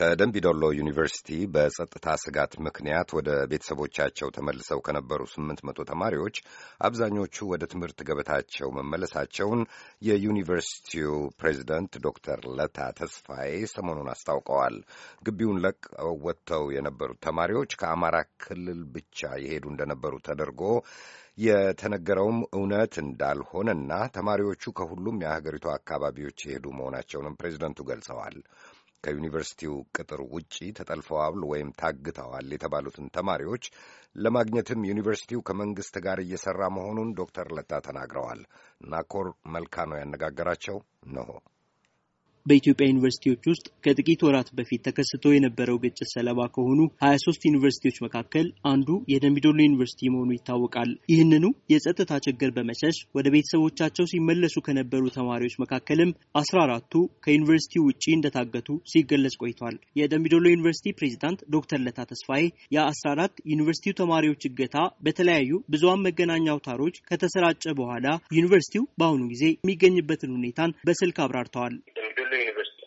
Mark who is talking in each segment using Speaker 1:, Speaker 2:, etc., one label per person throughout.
Speaker 1: ከደንቢዶሎ ዩኒቨርሲቲ በጸጥታ ስጋት ምክንያት ወደ ቤተሰቦቻቸው ተመልሰው ከነበሩ ስምንት መቶ ተማሪዎች አብዛኞቹ ወደ ትምህርት ገበታቸው መመለሳቸውን የዩኒቨርሲቲው ፕሬዚደንት ዶክተር ለታ ተስፋዬ ሰሞኑን አስታውቀዋል። ግቢውን ለቀው ወጥተው የነበሩት ተማሪዎች ከአማራ ክልል ብቻ የሄዱ እንደነበሩ ተደርጎ የተነገረውም እውነት እንዳልሆነና ተማሪዎቹ ከሁሉም የሀገሪቱ አካባቢዎች የሄዱ መሆናቸውንም ፕሬዚደንቱ ገልጸዋል። ከዩኒቨርሲቲው ቅጥር ውጪ ተጠልፈዋል ወይም ታግተዋል የተባሉትን ተማሪዎች ለማግኘትም ዩኒቨርሲቲው ከመንግሥት ጋር እየሠራ መሆኑን ዶክተር ለታ ተናግረዋል። ናኮር መልካ ነው ያነጋገራቸው። ነሆ
Speaker 2: በኢትዮጵያ ዩኒቨርሲቲዎች ውስጥ ከጥቂት ወራት በፊት ተከስቶ የነበረው ግጭት ሰለባ ከሆኑ 23 ዩኒቨርሲቲዎች መካከል አንዱ የደምቢዶሎ ዩኒቨርሲቲ መሆኑ ይታወቃል። ይህንኑ የጸጥታ ችግር በመሸሽ ወደ ቤተሰቦቻቸው ሲመለሱ ከነበሩ ተማሪዎች መካከልም 14ቱ ከዩኒቨርሲቲው ውጪ እንደታገቱ ሲገለጽ ቆይቷል። የደምቢዶሎ ዩኒቨርሲቲ ፕሬዚዳንት ዶክተር ለታ ተስፋዬ የ14 ዩኒቨርሲቲው ተማሪዎች እገታ በተለያዩ ብዙሃን መገናኛ አውታሮች ከተሰራጨ በኋላ ዩኒቨርሲቲው በአሁኑ ጊዜ የሚገኝበትን ሁኔታን በስልክ አብራርተዋል።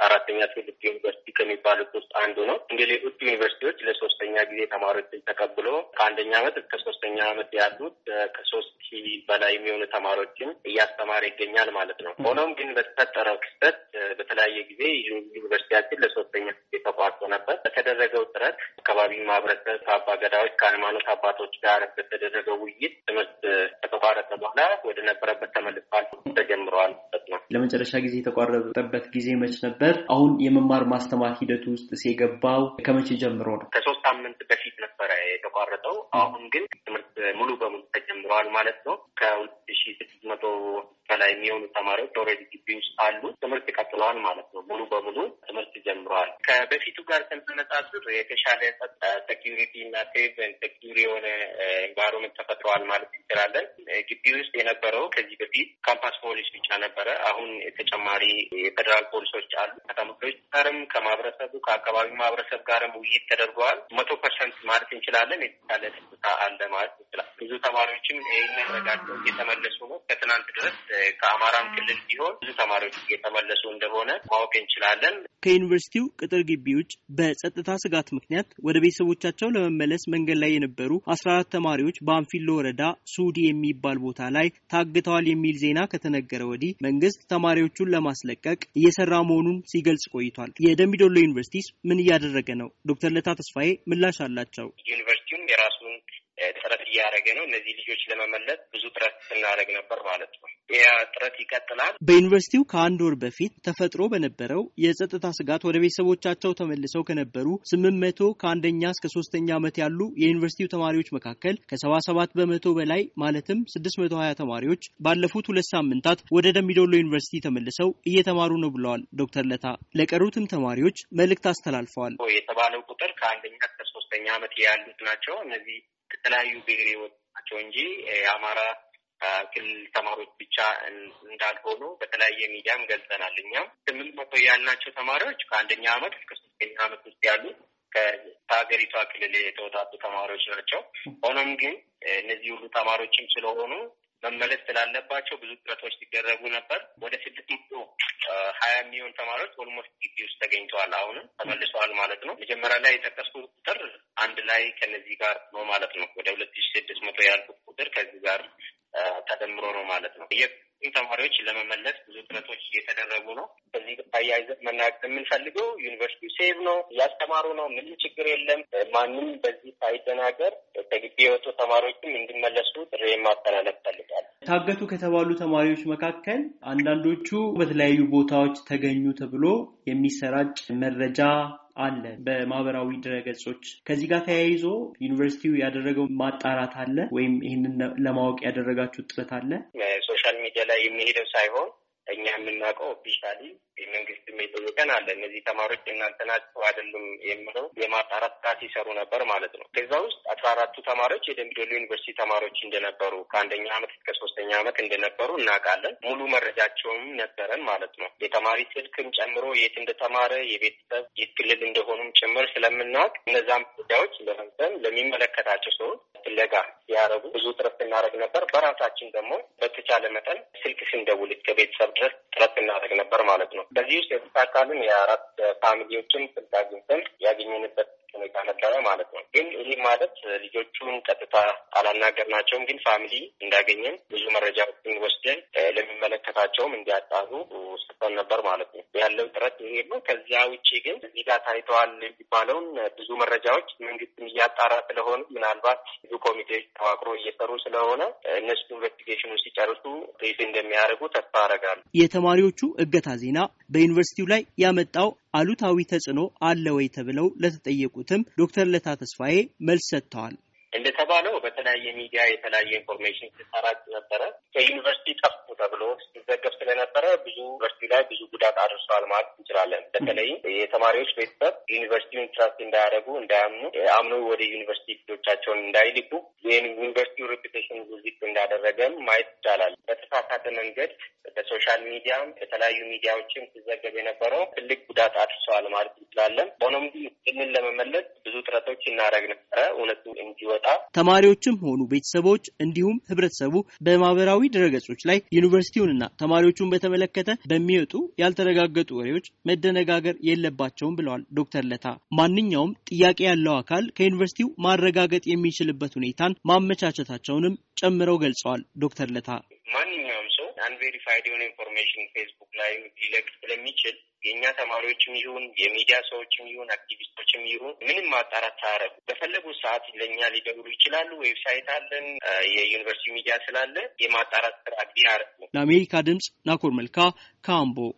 Speaker 1: አራተኛ ትውልድ ዩኒቨርሲቲ ከሚባሉት ውስጥ አንዱ ነው። እንደ ሌሎች ዩኒቨርሲቲዎች ለሶስተኛ ጊዜ ተማሪዎችን ተቀብሎ ከአንደኛ አመት እስከ ሶስተኛ አመት ያሉት ከሶስት ሺህ በላይ የሚሆኑ ተማሪዎችን እያስተማረ ይገኛል ማለት ነው። ሆኖም ግን በተፈጠረው ክስተት በተለያየ ጊዜ ዩኒቨርሲቲያችን ለሶስተኛ ጊዜ ተቋርጦ ነበር። በተደረገው ጥረት አካባቢ ማህበረሰብ ከአባ ገዳዎች ከሃይማኖት
Speaker 2: አባቶች ጋር በተደረገው ውይይት ትምህርት ከተቋረጠ በኋላ ወደ ነበረበት ተመልሶ ለመጨረሻ ጊዜ የተቋረጠበት ጊዜ መች ነበር? አሁን የመማር ማስተማር ሂደት ውስጥ ሲገባው ከመቼ ጀምሮ ነው? ከሶስት
Speaker 1: አሁን ግን ትምህርት ሙሉ በሙሉ ተጀምረዋል ማለት ነው። ከሁለት ሺ ስድስት መቶ በላይ የሚሆኑ ተማሪዎች ኦልሬዲ ግቢ ውስጥ አሉ። ትምህርት ቀጥለዋል ማለት ነው። ሙሉ በሙሉ ትምህርት ጀምረዋል። ከበፊቱ ጋር ስናነጻጽር የተሻለ ሰኪሪቲ እና ሴፍ ሴኪሪ የሆነ ኤንቫይሮመንት ተፈጥረዋል ማለት እንችላለን። ግቢ ውስጥ የነበረው ከዚህ በፊት ካምፓስ ፖሊስ ብቻ ነበረ። አሁን ተጨማሪ የፌደራል ፖሊሶች አሉ። ከተማሪዎች ጋርም ከማህበረሰቡ ከአካባቢ ማህበረሰብ ጋርም ውይይት ተደርገዋል። መቶ ፐርሰንት ማለት እንችላለን የተሻለ ቦታ አለ ማለት ይችላል። ብዙ ተማሪዎችም ይህን ረጋቸው እየተመለሱ ነው። ከትናንት ድረስ ከአማራም ክልል ቢሆን ብዙ ተማሪዎች እየተመለሱ እንደሆነ ማወቅ እንችላለን።
Speaker 2: ከዩኒቨርሲቲው ቅጥር ግቢ ውጭ በጸጥታ ስጋት ምክንያት ወደ ቤተሰቦቻቸው ለመመለስ መንገድ ላይ የነበሩ አስራ አራት ተማሪዎች በአንፊሎ ወረዳ ሱዲ የሚባል ቦታ ላይ ታግተዋል የሚል ዜና ከተነገረ ወዲህ መንግስት ተማሪዎቹን ለማስለቀቅ እየሰራ መሆኑን ሲገልጽ ቆይቷል። የደምቢዶሎ ዩኒቨርሲቲስ ምን እያደረገ ነው? ዶክተር ለታ ተስፋዬ ምላሽ አላቸው።
Speaker 1: ዩኒቨርሲቲ የራሱን ጥረት እያደረገ ነው። እነዚህ ልጆች ለመመለስ ብዙ ጥረት ስናደረግ ነበር ማለት ነው። ያ ጥረት
Speaker 2: ይቀጥላል። በዩኒቨርሲቲው ከአንድ ወር በፊት ተፈጥሮ በነበረው የጸጥታ ስጋት ወደ ቤተሰቦቻቸው ተመልሰው ከነበሩ ስምንት መቶ ከአንደኛ እስከ ሶስተኛ ዓመት ያሉ የዩኒቨርሲቲው ተማሪዎች መካከል ከሰባ ሰባት በመቶ በላይ ማለትም ስድስት መቶ ሀያ ተማሪዎች ባለፉት ሁለት ሳምንታት ወደ ደምቢዶሎ ዩኒቨርሲቲ ተመልሰው እየተማሩ ነው ብለዋል ዶክተር ለታ። ለቀሩትም ተማሪዎች መልእክት አስተላልፈዋል። የተባለው ቁጥር ከአንደኛ እስከ ሶስተኛ ዓመት ያሉት ናቸው እነዚህ ከተለያዩ
Speaker 1: ብሔር የወጡ ናቸው እንጂ የአማራ ክልል ተማሪዎች ብቻ እንዳልሆኑ በተለያየ ሚዲያም ገልጸናል። እኛም ስምንት መቶ ያልናቸው ተማሪዎች ከአንደኛ አመት እስከ ሶስተኛ አመት ውስጥ ያሉ ከሀገሪቷ ክልል የተወጣጡ ተማሪዎች ናቸው። ሆኖም ግን እነዚህ ሁሉ ተማሪዎችም ስለሆኑ መመለስ ስላለባቸው ብዙ ጥረቶች ሲደረጉ ነበር። ወደ ስድስት መቶ ሀያ የሚሆን ተማሪዎች ኦልሞስት ግቢ ውስጥ ተገኝተዋል። አሁንም ተመልሰዋል ማለት ነው። መጀመሪያ ላይ የጠቀስኩት ቁጥር አንድ ላይ ከነዚህ ጋር ነው ማለት ነው። ወደ ሁለት ሺ ስድስት መቶ ያልኩት ቁጥር ከዚህ ጋር ተደምሮ ነው ማለት ነው። የቁም ተማሪዎች ለመመለስ ብዙ ጥረቶች እየተደረጉ ነው። በዚህ አያይዘ መናገር የምንፈልገው ዩኒቨርሲቲ ሴቭ ነው፣ እያስተማሩ ነው፣ ምንም ችግር የለም። ማንም በዚህ ሳይደናገር ከግቢ የወጡ ተማሪዎችም እንዲመለሱ ጥሪ ማስተላለፍ
Speaker 2: ፈልጋል። ታገቱ ከተባሉ ተማሪዎች መካከል አንዳንዶቹ በተለያዩ ቦታዎች ተገኙ ተብሎ የሚሰራጭ መረጃ አለ በማህበራዊ ድረገጾች። ከዚህ ጋር ተያይዞ ዩኒቨርሲቲው ያደረገው ማጣራት አለ ወይም ይህንን ለማወቅ ያደረጋችሁ ጥረት አለ?
Speaker 1: ሶሻል ሚዲያ ላይ የሚሄደው ሳይሆን እኛ የምናውቀው ኦፊሻሊ መንግስትም የጠየቀን አለ። እነዚህ ተማሪዎች እናንተ ናቸው አይደሉም የምለው የማጣራት ጥቃት ሲሰሩ ነበር ማለት ነው። ከዛ ውስጥ አስራ አራቱ ተማሪዎች የደምቢ ዩኒቨርሲቲ ተማሪዎች እንደነበሩ ከአንደኛ ዓመት እስከ ሶስተኛ ዓመት እንደነበሩ እናውቃለን። ሙሉ መረጃቸውም ነበረን ማለት ነው። የተማሪ ስልክም ጨምሮ የት እንደተማረ የቤተሰብ የት ክልል እንደሆኑም ጭምር ስለምናውቅ እነዛም ጉዳዮች ለመንሰም ለሚመለከታቸው ሰዎች ፍለጋ ያደረጉ ብዙ ጥረት እናደረግ ነበር። በራሳችን ደግሞ በተቻለ መጠን ስልክ ስንደውል እስከ ቤተሰብ ድረስ ጥረት እናደረግ ነበር ማለት ነው። በዚህ ውስጥ የተሳካልን የአራት ፋሚሊዎችን ስልክ አግኝተን ያገኘንበት ሁኔታ ነበረ ማለት ነው። ግን ይህ ማለት ልጆቹን ቀጥታ አላናገርናቸውም፣ ግን ፋሚሊ እንዳገኘን ብዙ መረጃዎችን ወስደን ለሚመለከታቸውም እንዲያጣሩ ስጠን ነበር ማለት ነው። ያለው ጥረት ይሄ ነው። ከዚያ ውጭ ግን እዚህ ጋር ታይተዋል የሚባለውን ብዙ መረጃዎች መንግስትም እያጣራ ስለሆነ ምናልባት ብዙ ኮሚቴዎች ተዋቅሮ እየሰሩ ስለሆነ እነሱ ኢንቨስቲጌሽኑ ሲጨርሱ ሪፍ እንደሚያደርጉ ተስፋ አረጋሉ።
Speaker 2: የተማሪዎቹ እገታ ዜና በዩኒቨርሲቲው ላይ ያመጣው አሉታዊ ተጽዕኖ አለ ወይ ተብለው ለተጠየቁትም ዶክተር ለታ ተስፋዬ መልስ ሰጥተዋል።
Speaker 1: እንደተባለው በተለያየ ሚዲያ የተለያየ ኢንፎርሜሽን ሲሰራጭ ነበረ። ከዩኒቨርሲቲ ጠፍቶ ተብሎ ብዙ ዩኒቨርሲቲ ላይ ብዙ ጉዳት አድርሰዋል ማለት እንችላለን። በተለይም የተማሪዎች ቤተሰብ ዩኒቨርሲቲውን ትራስት እንዳያደርጉ እንዳያምኑ፣ አምኖ ወደ ዩኒቨርሲቲ ልጆቻቸውን እንዳይልኩ ይህን ዩኒቨርሲቲው ሬፒቴሽን ዚቅ እንዳደረገም ማየት ይቻላል። በተሳሳተ መንገድ በሶሻል ሚዲያም በተለያዩ ሚዲያዎችም ሲዘገብ የነበረው ትልቅ ጉዳት አድርሰዋል ማለት
Speaker 2: እንችላለን። ሆኖም ግን ይህንን ለመመለስ ብዙ ጥረቶች እናደርግ ነበረ እውነቱ እንዲወጣ ተማሪዎችም ሆኑ ቤተሰቦች እንዲሁም ህብረተሰቡ በማህበራዊ ድረገጾች ላይ ዩኒቨርሲቲውንና ተማሪዎቹን በተመለከተ በሚወጡ ያልተረጋገጡ ወሬዎች መደነጋገር የለባቸውም ብለዋል ዶክተር ለታ። ማንኛውም ጥያቄ ያለው አካል ከዩኒቨርሲቲው ማረጋገጥ የሚችልበት ሁኔታን ማመቻቸታቸውንም ጨምረው ገልጸዋል ዶክተር ለታ።
Speaker 1: አንቬሪፋይድ የሆነ ኢንፎርሜሽን ፌስቡክ ላይ ሊለቅ ስለሚችል የእኛ ተማሪዎችም ይሁን የሚዲያ ሰዎችም ይሁን አክቲቪስቶችም ይሁን ምንም ማጣራት ሳያረጉ በፈለጉት ሰዓት ለእኛ ሊደውሉ ይችላሉ። ዌብሳይት አለን፣ የዩኒቨርሲቲ ሚዲያ ስላለ የማጣራት ስራ ቢያረጉ።
Speaker 2: ለአሜሪካ ድምጽ ናኮር መልካ ካምቦ